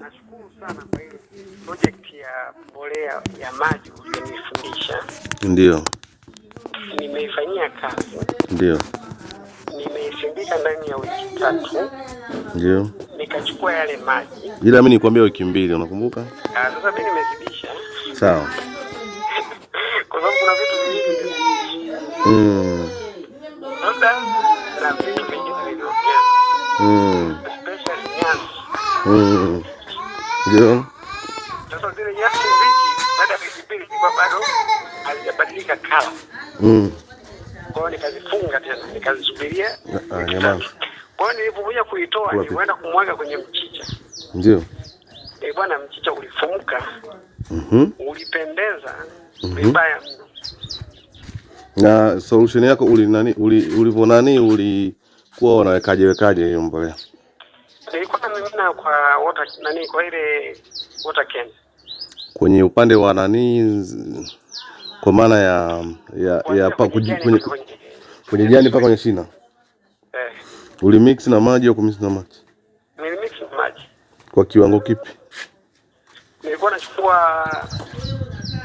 Nashukuru sana kwa ile project ya mbolea ya maji uliyenifundisha. Ndio. Nimeifanyia kazi. Ndio. Nimeisindika ndani ya wiki tatu. Ndio. Nikachukua yale maji. Ila mimi nikwambia wiki mbili, unakumbuka? Ah, sasa mimi nimezidisha. Sawa. Kwa sababu kuna vitu vingi. Mm. Sasa na vitu vingine vinaongea. Mm. Especially nyasi. Mm. Ndio. Sasa zile nyasi mbichi baada ya wiki mbili zilikuwa bado hazijabadilika kala. Mm. Kwa hiyo nikazifunga tena, nikazisubiria. Ah, Kwa hiyo nilipokuja kuitoa kumwaga kwenye mchicha. Ndio. Eh, bwana mchicha ulifumuka. Mhm. Mm ulipendeza. Mm -hmm. Na solution yako uli nani uli ulivyo nani ulikuwa unawekaje wekaje hiyo mbolea? nilikuwa namimina kwa water, nani kwa ile water can kwenye upande wa nani, kwa maana ya ya ya pa kwenye jani pa kwenye shina eh. Uli mix na maji au kumix na maji? mix na maji. Kwa kiwango kipi? Nilikuwa nachukua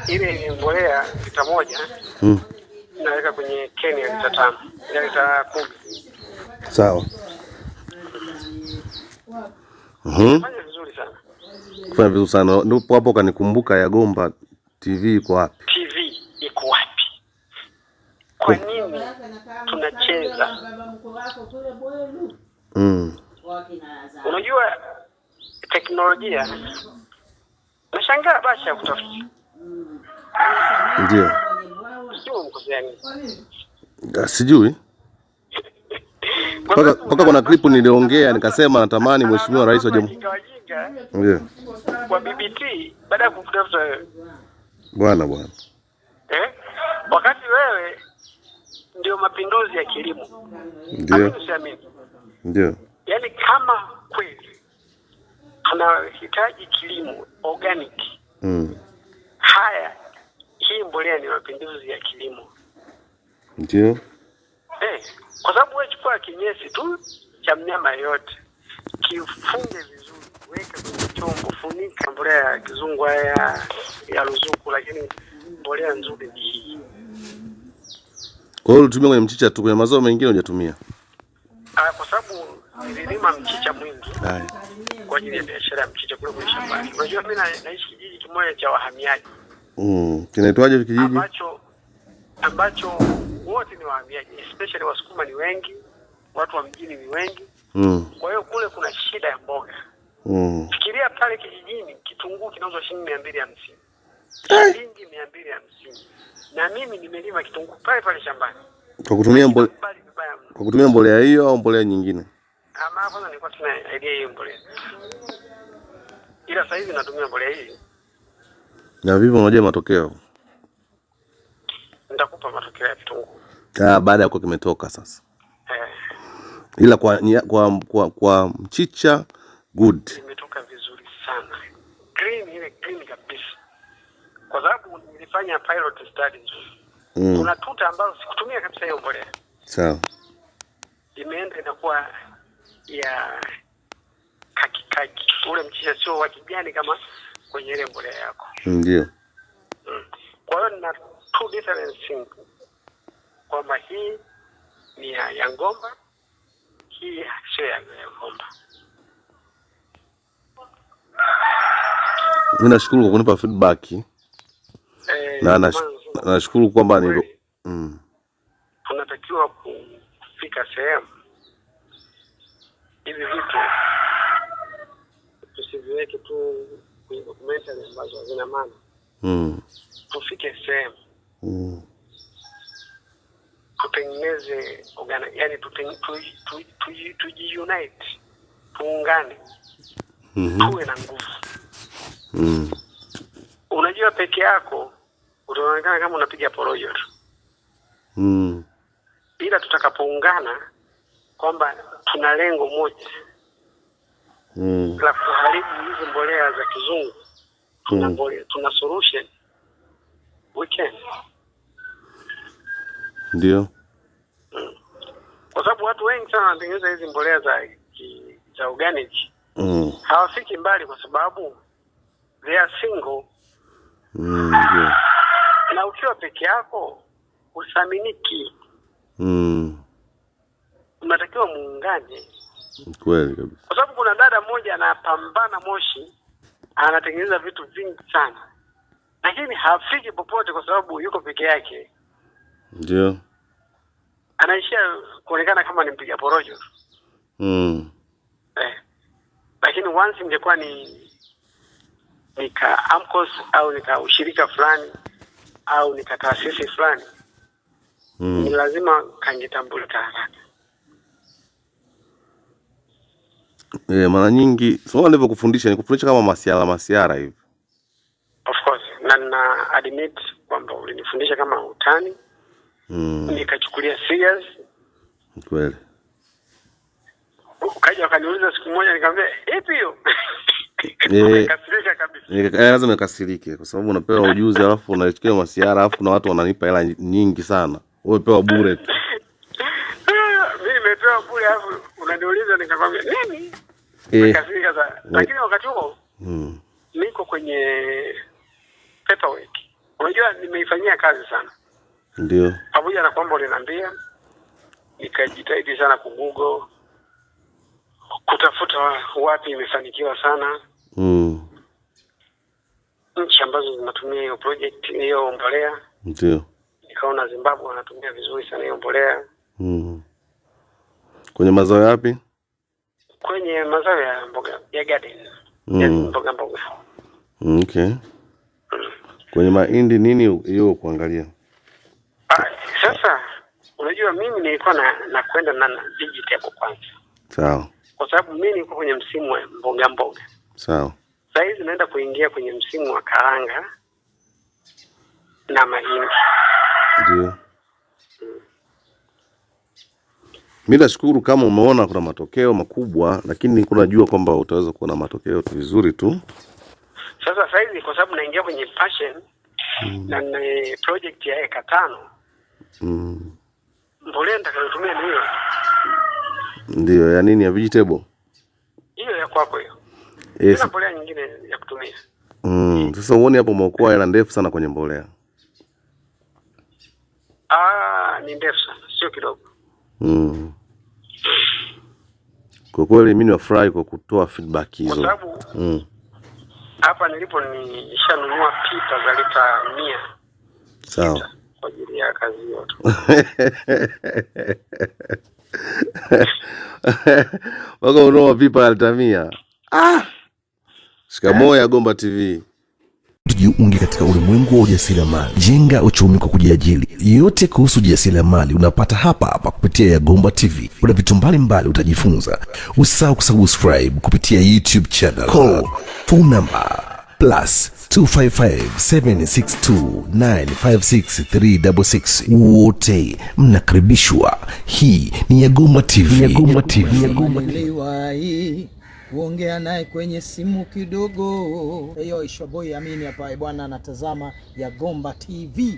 ile mbolea lita moja mm. naweka kwenye keni ya lita tano ya lita kumi. Sawa kufanya mhm. vizuri sana, fanya vizuri sana. Ndipo hapo ya Yagomba TV iko wapi? TV iko wapi? Kwa nini tunacheza? Mm. Unajua teknolojia nashangaa Basha ya kutafuta ndio sijui mpaka kuna clip niliongea nikasema natamani mheshimiwa rais wa jamhuri yeah. Kwa BBT baada ya wewe bwana bwana eh? Wakati wewe ndio mapinduzi ya kilimo ndio ndio, yani kama kweli anahitaji kilimo organic mm. Haya, hii mbolea ni mapinduzi ya kilimo ndio eh, kwa sababu wewe chukua kinyesi tu cha mnyama yote kifunge vizuri, weke kwenye chombo, funika. Mbolea ya kizungu haya ya ruzuku, lakini mbolea nzuri ni hii. Kwa hiyo ulitumia kwenye mchicha tu, kwenye mazao mengine hujatumia? Ah, kwa sababu nililima mchicha mwingi Hai. kwa ajili ya biashara ya mchicha kule kwenye shamba. Unajua mimi na, naishi kijiji kimoja cha wahamiaji mm, kinaitwaje kijiji ambacho ambacho wote ni wahamiaji, especially Wasukuma ni wengi, watu wa mjini ni wengi mm. Kwa hiyo kule kuna shida ya mboga mm. Fikiria pale kijijini kitunguu kinauzwa shilingi mia mbili hamsini eh. shilingi mia mbili hamsini na mimi nimelima kitunguu pale pale shambani kwa kutumia mbolea, kwa kutumia mbolea hiyo au mbolea nyingine. Ama kwanza nilikuwa sina idea hiyo mbolea, ila sasa hivi natumia mbolea hii. Na vipi, unajua matokeo? Nitakupa matokeo ya kitunguu. Ah, baada ya kuwa kimetoka sasa eh. ila kwa, kwa, kwa, kwa mchicha good imetoka vizuri sana green, ile green kabisa, kwa sababu nilifanya pilot studies Mm. Kuna tuta ambazo sikutumia kabisa hiyo mbolea, sawa, imeenda inakuwa ya kaki kaki, ule mchicha sio wa kijani kama kwenye ile mbolea yako, ndio. Mm. Kwa hiyo na two different things kwamba hii ni ya Ngomba, hii sio ya Ngomba. Mi nashukuru kwa kunipa feedback e, na nashukuru kwamba ni mm. tunatakiwa kufika sehemu hivi vitu tusiviweke tu kwenye documentary ambazo hazina maana, mm. tufike sehemu mm tutengeneze yani tujiunite, tuungane, mhm. tuwe na nguvu. Mhm. Unajua, peke yako utaonekana kama unapiga porojo tu mm. Ila tutakapoungana kwamba tuna lengo moja mm. la kuharibu hizi mbolea za kizungu, tuna, mm. tuna solution we can ndio, kwa sababu watu wengi sana wanatengeneza hizi mbolea za za organic mm. hawafiki mbali kwa sababu they are single mm, ndio. na ukiwa peke yako usaminiki mm. unatakiwa muungane kweli kabisa, kwa sababu kuna dada mmoja anapambana Moshi, anatengeneza vitu vingi sana, lakini hafiki popote kwa sababu yuko peke yake ndio anaishia kuonekana kama ni mpiga porojo mm. eh. Lakini once ingekuwa ni nika AMCOS au nika ushirika fulani au nika taasisi fulani mm. ni lazima kangetambulika haraka. Yeah, mara nyingi somo alivyokufundisha ni kufundisha kama masiara masiara hivi. Of course, na na admit kwamba ulinifundisha kama utani mm. nikachukulia serious kweli. Ukaja wakaniuliza siku moja, nikamwambia ipi hiyo eh. eh, lazima nikasirike kwa sababu unapewa ujuzi alafu unachukua masiara alafu na watu wananipa hela nyingi sana, wewe pewa bure tu. Mimi nimepewa bure alafu unaniuliza nikakwambia nini? Eh. Nikasirika sana. Lakini wakati huo hmm. niko kwenye paperwork. Unajua nimeifanyia kazi sana. Ndio. Pamoja na kwamba uliniambia, nikajitahidi sana kugugo kutafuta wapi imefanikiwa sana mm. nchi ambazo zinatumia hiyo project hiyo mbolea. Ndio nikaona Zimbabwe wanatumia vizuri sana hiyo mbolea mm. kwenye mazao yapi? Kwenye mazao ya mboga ya garden mm. ya mboga mboga. Mm, okay. Mm. Kwenye mahindi nini hiyo kuangalia Ah, sasa unajua mimi nilikuwa na nakwenda na vegetable kwanza, sawa, kwa sababu mimi niko kwenye msimu wa mboga mboga, sawa. Saa hizi naenda kuingia kwenye msimu wa karanga na mahindi. Ndio mi nashukuru kama umeona kuna matokeo makubwa, lakini nilikuwa najua kwamba utaweza kuona matokeo tu vizuri tu. Sasa saa kwa sababu naingia kwenye passion mm. na project ya eka tano Mbolea nitakayotumia ni hiyo. Ndio, ya nini ya vegetable? Hiyo ya kwako hiyo. Yes. Eh, Kuna mbolea nyingine ya kutumia. Mm. Sasa uone hapo mwakoa yana ndefu sana kwenye mbolea. Ah, ni ndefu sana, sio kidogo. Mm. Kwa kweli mimi nafurahi kwa kutoa feedback hizo. Kwa sababu mm. Hapa nilipo nishanunua pipa za lita 100. Sawa. So kwa ajili ya kazi hiyo tu. Wako unoa pipa altamia. Ah! Shikamoo eh. ya Gomba TV. Tujiunge katika ulimwengu wa ujasiriamali. Jenga uchumi kwa kujiajiri. Yote kuhusu ujasiriamali unapata hapa hapa kupitia ya Gomba TV. Kuna vitu mbalimbali utajifunza. Usisahau kusubscribe kupitia YouTube channel. Call phone number plus 255-762-956-366 wote mnakaribishwa. Hii ni Yagoma TV. Yagoma TV. TV kuongea naye kwenye simu kidogo. Hiyo ishoboi amini hapa bwana, anatazama Yagomba TV.